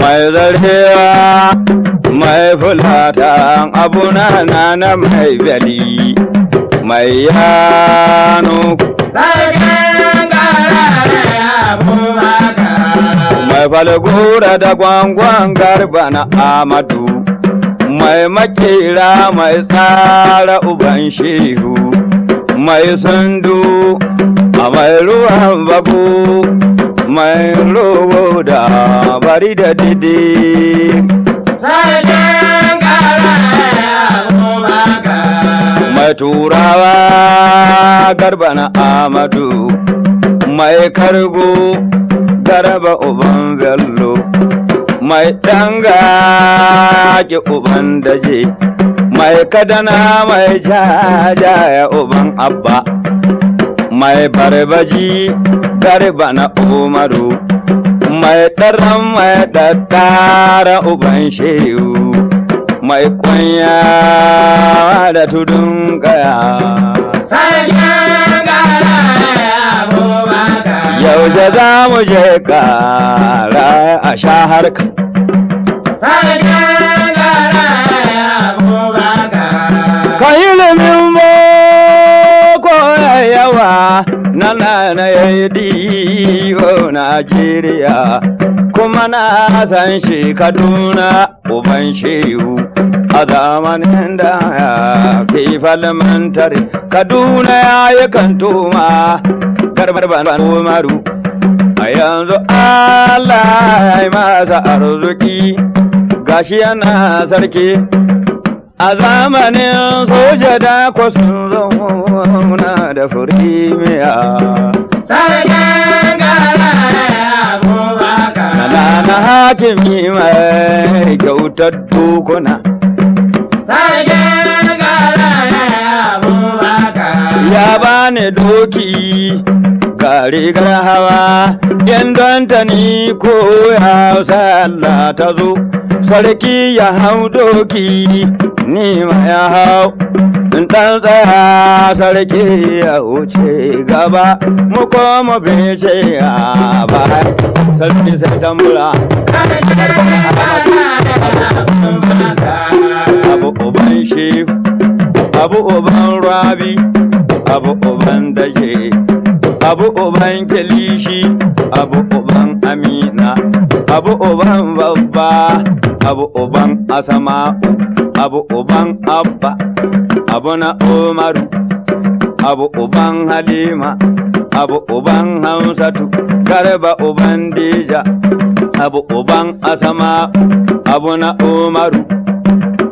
mai zarewa mai fulata abuna na na mai bali mai yano mai falgura da gwangwan garba na amadu mai makera mai tsara uban shehu mai sandu a mai ruwan babu mai robo da bari da didi mai turawa garba na amadu mai kargo garba uban bello mai danga ki uban daje mai kadana mai jaja ya uban abba mai barbaji garba na umaru mai ɗaran mai daddara uban shehu mai kwanya da tudun gaya yaushe za mu je kara a sha harka nana na yadi o Najeriya kuma na san shi Kaduna uban shehu a zamanin da ya fi falmantar Kaduna ya yi ma garbar ban umaru a yanzu Allah ya masa arziki gashi yana sarki a zamanin soja da ku sun zauna da firimiya sarkin gara abubakar na hakimi mai kyautar dukuna sarkin gara abubakar ya bani doki ɗauka rigar hawa yan don ni ko ya sallah ta zo sarki ya hau doki ni ma ya hau in ɗan tsaya sarki ya wuce gaba mu koma ce a baya sarki sai ta mura abu uban shi abu uban rabi abu uban daje abu uban kilishi abu uban amina abu uban babba abu uban asama abu uban abba abu na umaru abu uban halima abu uban hamsatu garba uban dija abu uban asama abu na umaru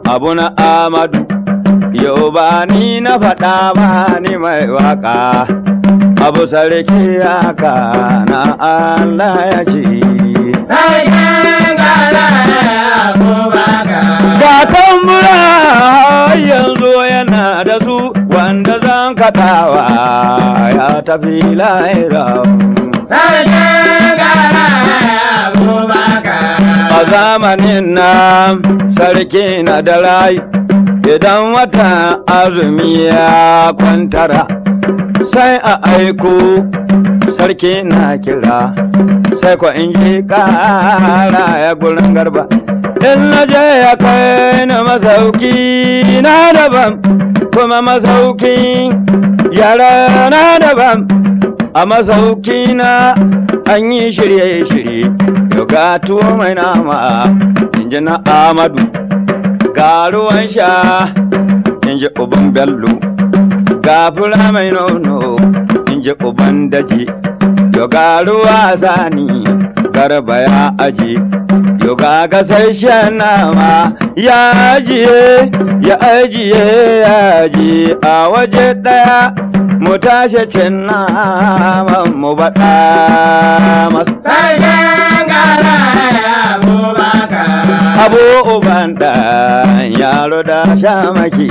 abu na amadu yau ba ni na faɗa ba ni mai waƙa abu sarki haka na Allah ya ce. Sarkin gara abubakar. Ga yanzu yana da su wanda zan kaɗawa ya tafi lahira. Sarkin gara abubakar. A zamanin na sarki na da rai idan wata azumi ya kwantara. sai a aiko sarki na kira sai ko in ji kara ya gurin garba in na je ya kai na masauki na daban kuma masauki yara na daban a masauki na an yi shirye-shirye ya ga tuwo mai nama in ji na amadu ga ruwan sha in ji uban bello gafura mai nono in ji uban daji yoga ruwa zani garba ya aji yoga gasasshen nama ya ajiye ya ajiye ya ajiye a waje ɗaya mu tashi cin nama mu baɗa masu abu uban yaro da shamaki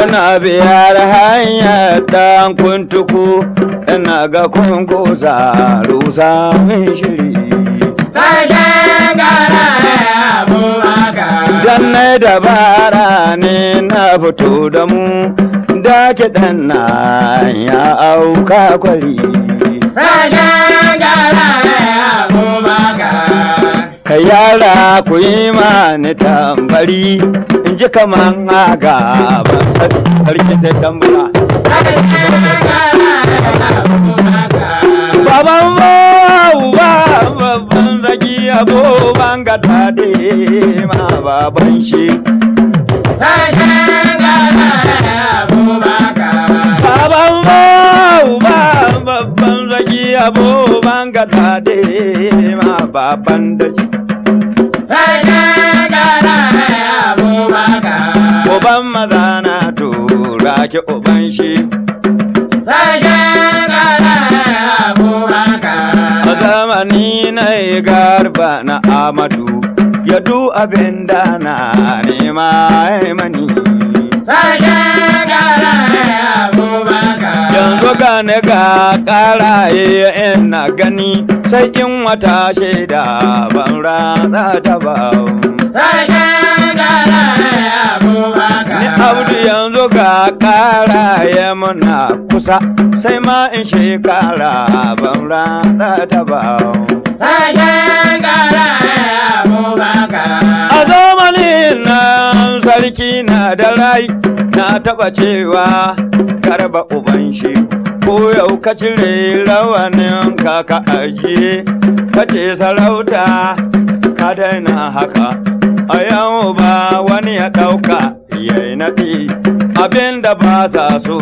kuna biyar hanyar dan kuntuku ina ga kun kusa rusa min shiri sarkin gara abubakar dan na dabara ne na fito da mu da dan na ya auka kwari sarkin gara yara ku yi mani tambari in ji kaman a ban sarki sai tambura baban bau ba babban zagi abo ban ga dade ma baban shi baban bau ba babban zagi abo ban ga dade ma baban da Gaki uban shi. Sarkin ƙarar Abubakar. A zamani na garba na Amadu, ya du abin da na nema mani. Sarkin ƙarar Abubakar. Yanzu gane ga karaye ina gani, sai in wata shaida ban ratsa ta ba. Sarkin ƙarar Ni abudu yanzu ga kara ya muna kusa sai ma in shekara ban rana ta ba. A zamanin nan sarki na da rai na taɓa cewa garba uban shi ko yau ka cire rawanin kaka ajiye ka ce sarauta ka daina haka. a yau ba wani ya ɗauka yayi naɗi abin da ba sa so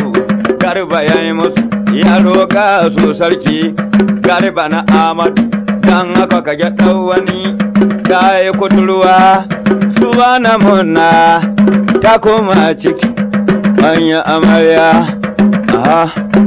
garba ya yi musu ya roƙa su sarki garba na amadu don haka ka dawani wani ta yi kuturwa su na munna ta koma ciki an yi amarya aha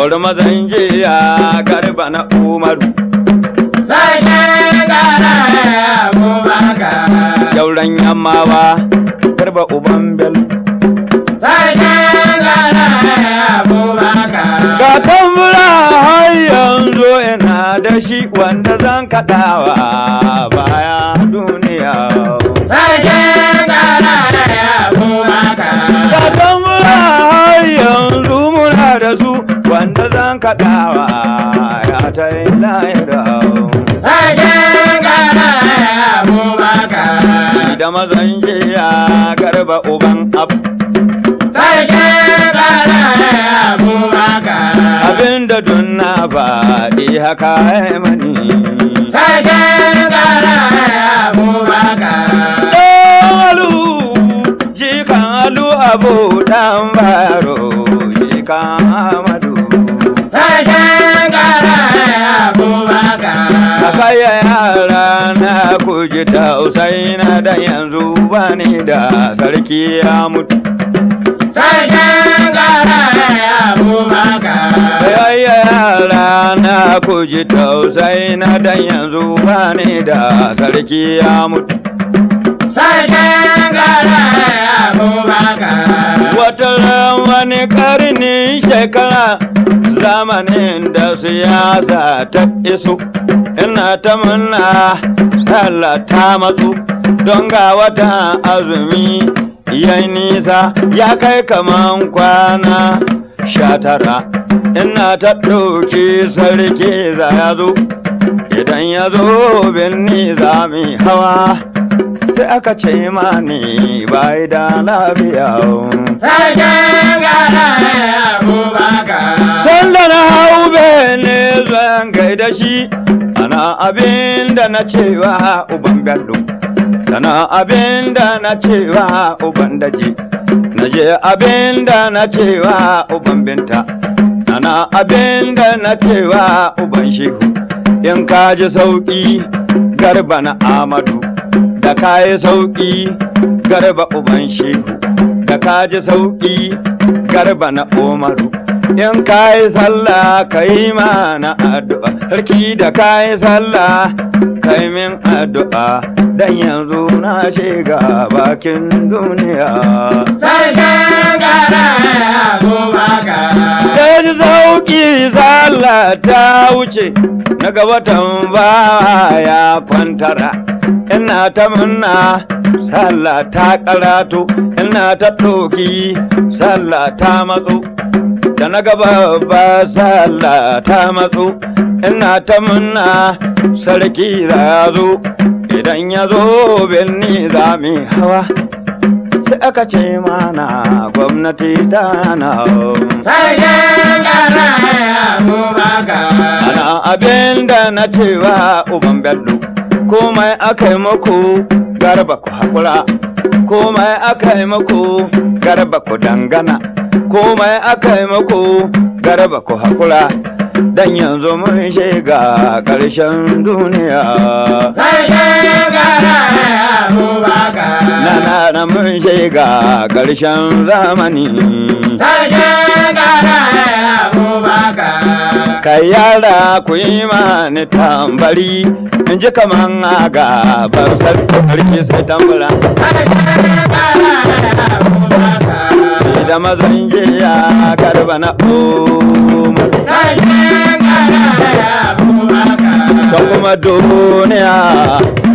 bari mazan jiya garba na umaru Yauran yammawa garba uban belu Ga tambura har yanzu ina da shi wanda zan kaɗawa baya duniya. kaɗawa ya ta yi layarau. Sake kara abubakar. Da mazan jiya garba uban abu. Sake kara abubakar. Abinda dunna ba ɗi haka ya mani. Sake kara abubakar. Ɗawalu, jikan alu abu ɗan baro, jikan baya yara na ku ji tausaina da yanzu ba ni da sarki ya mutu. Sarkin gara ya bumaka. Yayya yara na ku ji tausaina da yanzu ba ni da sarki ya mutu. Sarkin gara ya bumaka. Wata wani karni shekara zamanin da siyasa ta iso ina ta muna tsalla ta matsu don ga wata azumi ya nisa ya kai kaman kwana sha tara ina ta ɗauki sarki za ya zo idan ya zo bin nizami hawa sai aka ce mani bai da lafiya sanda na hau bene zan kai da shi ana abin da na cewa uban gado ana abin da na cewa uban daji na je abin da na cewa uban binta ana abin da na cewa uban shehu in ka ji sauƙi garba na amadu da ka yi sauƙi garba uban shehu da ka ji sauƙi garba na umaru in ka yi sallah ka yi mana addu'a sarki da ka yi sallah ka yi min addu'a dan yanzu na shiga bakin duniya sarkin gara abubakar ji sauƙi sallah ta wuce na gabatan tambaya ya kwantara ina ta munna sallah ta karatu ina ta ɗoki sallah ta matsu da na gaba ba sallah ta matsu ina ta munna sarki za zo idan ya zo benni za mi hawa sai aka ce mana gwamnati ta na ana abin da na cewa uban bello komai aka yi mako garba ku haƙura komai aka yi mako garba ku dangana komai aka yi mako garba ku haƙura dan yanzu mun shiga ƙarshen duniya na na mun shiga ƙarshen zamani Sarkin gara ya waka. Kai yara ku yi mani tambari, in ji kaman aga bar sarki sai tambara. Da mazan jiya karba na Kan kuma duniya